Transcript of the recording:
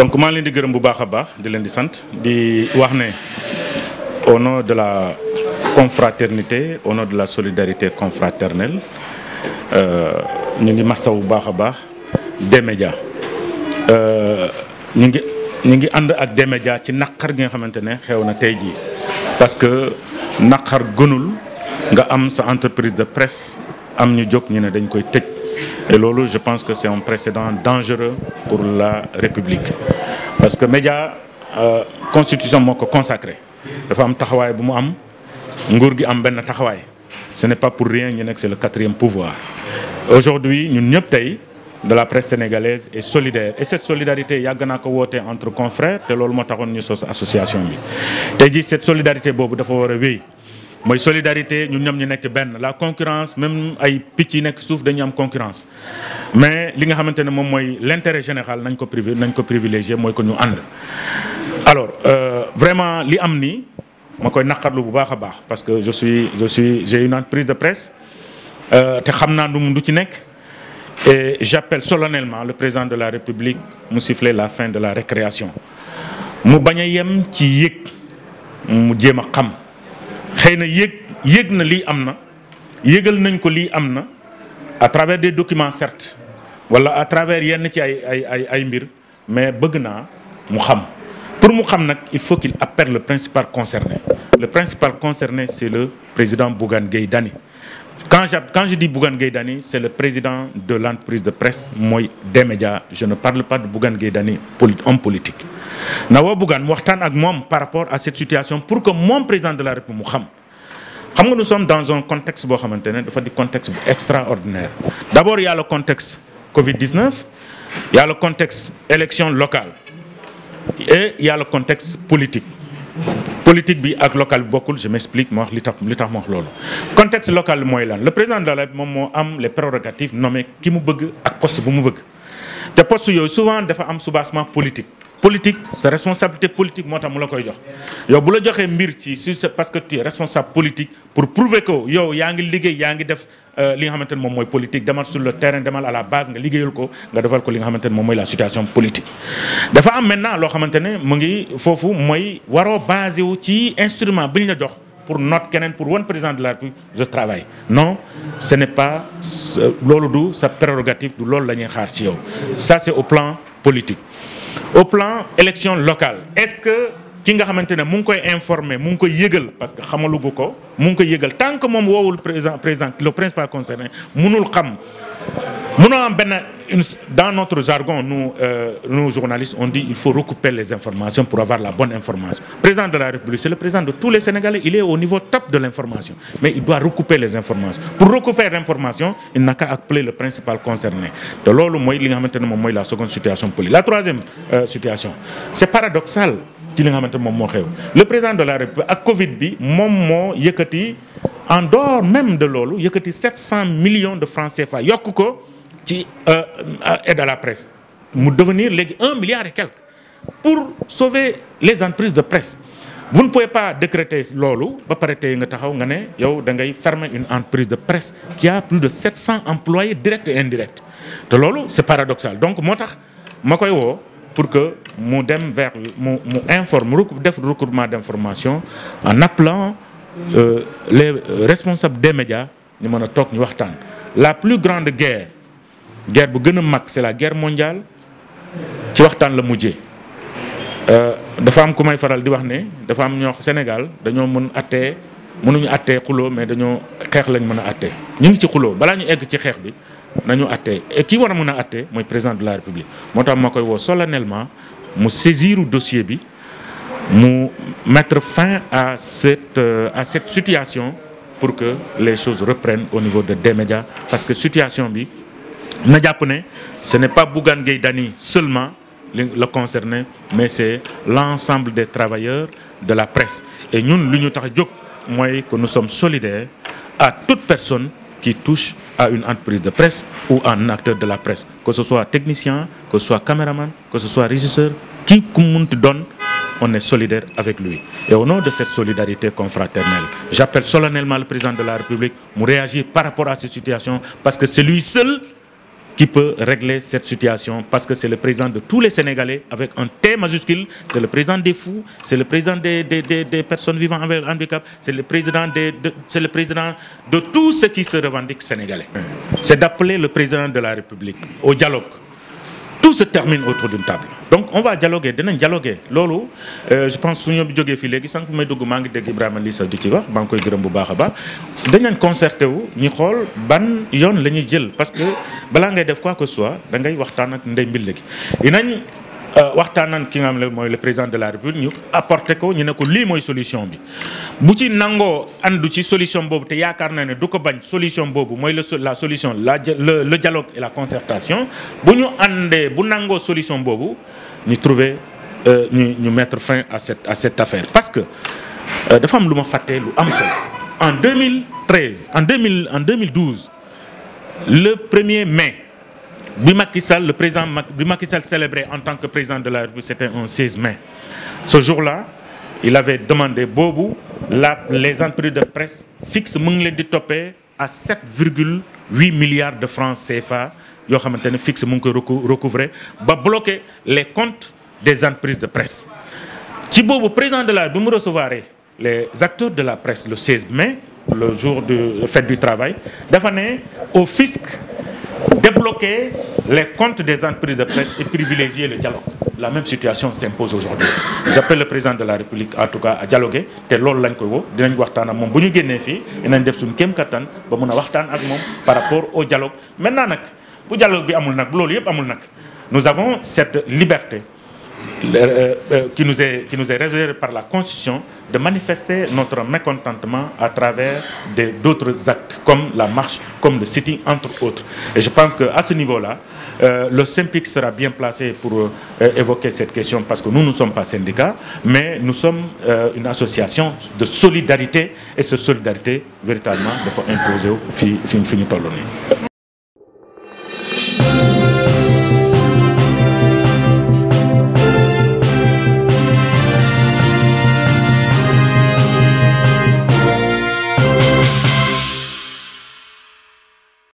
donc maa ngi leen di gërëm bu baax a baax di leen di sant di wax ne au nom de la confraternité au nom de la solidarité confraternelle euh, ñu ngi masaw bu baax a baax des médias euh, ñu ngi ñu ngi ànd ak D-Média ci naqar gi nga xamante ne xew na tey jii parce que naqar gënul nga am sa entreprise de presse am ñu jóg ñu ne dañ koy tëj e loolu je pense que c'est un précédent dangereux pour la République parce que média euh, constitution moo ko consacré dafa am taxawaay bu mu am nguur gi am benn taxawaay ce n'est pas pour rien ñu nekk c'est le quatrième pouvoir aujourd'hui ñun ñëpp tey de la presse sénégalaise est solidaire et cette solidarité yàgg naa ko woote entre confrères te loolu moo taxoon ñu sos association bi tey jii cette solidarité boobu dafa war a wéy mooy solidarité ñun ñoom ñu nekk benn la concurrence même ay picc yi nekk suuf dañuy am concurrence mais li nga xamante ne moom mooy l'intérêt général nañ ko privé nañ ko privilégié mooy ko ñu ànd alors euh, vraiment li am nii ma koy naqarlu bu baax a baax parce que je suis je suis j'ai une entreprise de euh, te xam naa lu ci nekk Et j'appelle solennellement le président de la République mu siffler la fin de la récréation mu bañ a yem ci yég mu jéem a xam xëy na yëg yëg na lii am na yëgal nañ ko lii am na à travers des documents certes wala à travers yenn ci ay ay ay ay mbir mais bëgg naa mu xam pour mu xam nag il faut qu'il appelle le principal concerné le principal concerné c'est le président Bougane Gueye Dany Quand, quand je dis Bougane Gaydani, c'est le président de l'entreprise de presse, moi, des médias. Je ne parle pas de Bougane Gaydani, homme politique. Nawa Bougane, waxtaan ak mom par rapport à cette situation pour que mom président de la République, Mouham, nous sommes dans un contexte, un contexte extraordinaire. D'abord, il y a le contexte Covid-19, il y a le contexte élection locale et il y a le contexte politique. politique bi ak local bi bokkul je m'explique ma li tax li tax ma wax local mooy lan le président de la République moom moo am les prérogatives nommé ki mu bëgg ak poste bu mu bëgg te poste yooyu souvent dafa am soubassement politique politique sa responsabilité politique moo tax mu la koy jox yow bu la joxee mbir ci su parce que tu es responsable politique pour prouver que yow yaa ngi liggéey yaa ngi def euh, li nga xamante ne moom mooy politique demal sur le terrain demal a la base nga liggéeyal ko nga defal ko li nga xamante ne moom mooy la situation politique. dafa am maintenant loo xamante ne mu ngi foofu mooy waroo basé wu ci instrument bi ñu la jox pour note keneen pour wan président de la République je non ce n'est pas loolu du sa prérogative du loolu la ñuy xaar ci yow ça c'est au plan politique. au plan élection locale est-ce que ki nga xamante ne mu ngi koy informer mu ngi koy yëgal parce que xamalugu ko mu ngi koy yëgal tant que moom woowul président président le principal concerné mënul xam mënoo am benn dans notre jargon nous euh, nous journalistes on dit il faut recouper les informations pour avoir la bonne information président de la République c'est le président de tous les Sénégalais il est au niveau top de l'information mais il doit recouper les informations pour recouper l'information il n'a qu'à le principal concerné te loolu mooy li nga xamante ne moom mooy la seconde situation politique la troisième euh, situation c'est paradoxal ci li nga xamante moom moo xew le président de la République ak Covid bi moom moo yëkkati en dehors même de loolu yëkkati 700 millions de francs CFA yokk ko ci euh, euh, aide à la presse mu devenir léegi un milliard et quelque pour sauver les entreprises de presse vous ne pouvez pas décréter loolu ba pare tey nga taxaw nga ne yow da ngay fermer une entreprise de presse qui a plus de 700 employés directs et indirects te loolu c'est paradoxal donc moo tax ma koy woo pour que mu dem vers mu mu informe def recoupement d'information en appelant euh, les responsables des médias ñu mën a toog ñu waxtaan la plus grande guerre guerre bu gën a mag c'est la guerre mondiale ci waxtaan la mujjee euh, dafa am ku may faral di wax ne dafa am ñoo Sénégal dañoo mën attee mënuñu attee xuloo mais dañoo xeex lañ mën a attee ñu ngi ci xuloo balaa ñu egg ci xeex bi nañu attee et kii war a mën a attee mooy président de la république moo tax ma koy woo solennellement mu saisiru dossier bi mu mettre fin à cette euh, à cette situation pour que les choses reprennent au niveau de D-Média parce que situation bi na jàpp ne ce n'est pas Bougane Gueye Dany seulement li la concerné mais c'est l'ensemble des travailleurs de la presse et ñun lu ñu tax jóg mooy que nous sommes solidaires à toute personne qui touche à une entreprise de presse ou à un acteur de la presse que ce soit technicien que ce soit caméraman que ce soit régisseur qui ku munti doon on est solidaire avec lui et au nom de cette solidarité confraternelle j'appelle solennellement le président de la République mu réagir par qui peut régler cette situation parce que c'est le président de tous les Sénégalais avec un T majuscule, c'est le président des fous, c'est le président des, des, des, des personnes vivant avec handicap, c'est le président des de, c'est le président de tous ceux qui se revendiquent sénégalais. C'est d'appeler le président de la République au dialogue. tout se termine autour d'une table donc on va dialoguer dinañ dialoguer loolu euh, je pense su ñu jógee fii léegi sànq may dugg maa ngi dégg Ibrahima Lissa di ci wax maa ngi koy gërëm bu baax a baax dinañ concerté wu ñu xool ban yoon la ñuy jël parce que balaa ngay def quoi que soi dangay ngay waxtaan ak ndey mbille gi dinañ Euh, waxtaan nan ki nga xam ne mooy le président de la république ñu apporté ko ñu ne ko lii mooy solution bi bu ci nangoo andu ci solution boobu te yaakaar naa ne du ko bañ solution boobu mooy la la solution la le dialogue et la concertation bu ñu àndee bu nangoo solution boobu ñu trouver euh, ñu ñu mettre fin à cette à cette affaire parce que euh, dafa am lu ma fàtte lu am solo en 2013 en 2000 en 2012 le premier er mai bi Macky Sall le président bi Macky Sall célébré en tant que président de la République c'était un 16 mai ce jour-là il avait demandé boobu la les entreprises de presse fixe mu ngi leen di toppee à 7,8 milliards de francs CFA yoo xamante ne fixe mu ngi koy recouvrer ba bloquer les comptes des entreprises de presse ci boobu président de la bi mu les acteurs de la presse le 16 mai le jour de fête du travail dafa ne fisc débloquer les comptes des entreprises de presse et privilégier le dialogue la même situation s'impose aujourd'hui j'appelle le président de la république en tout cas à dialoguer te loolu lañ koy woo dinañ waxtaan ak moom bu ñu génnee fii dinañ def suñu kéem kattan ba mun a waxtaan ak moom par rapport au dialogue maintenant nag bu dialogue bi amul nag bu loolu yëpp amul nag nous avons cette liberté Euh, euh, euh, qui nous est qui nous est réservé par la Constitution de manifester notre mécontentement à travers des d'autres actes comme la marche comme le sitting entre autres et je pense que à ce niveau-là euh, le SYNPICS sera bien placé pour euh, évoquer cette question parce que nous ne sommes pas syndicats mais nous sommes euh, une association de solidarité et cette solidarité véritablement dafa imposer wu fi fi fi ñu toll nii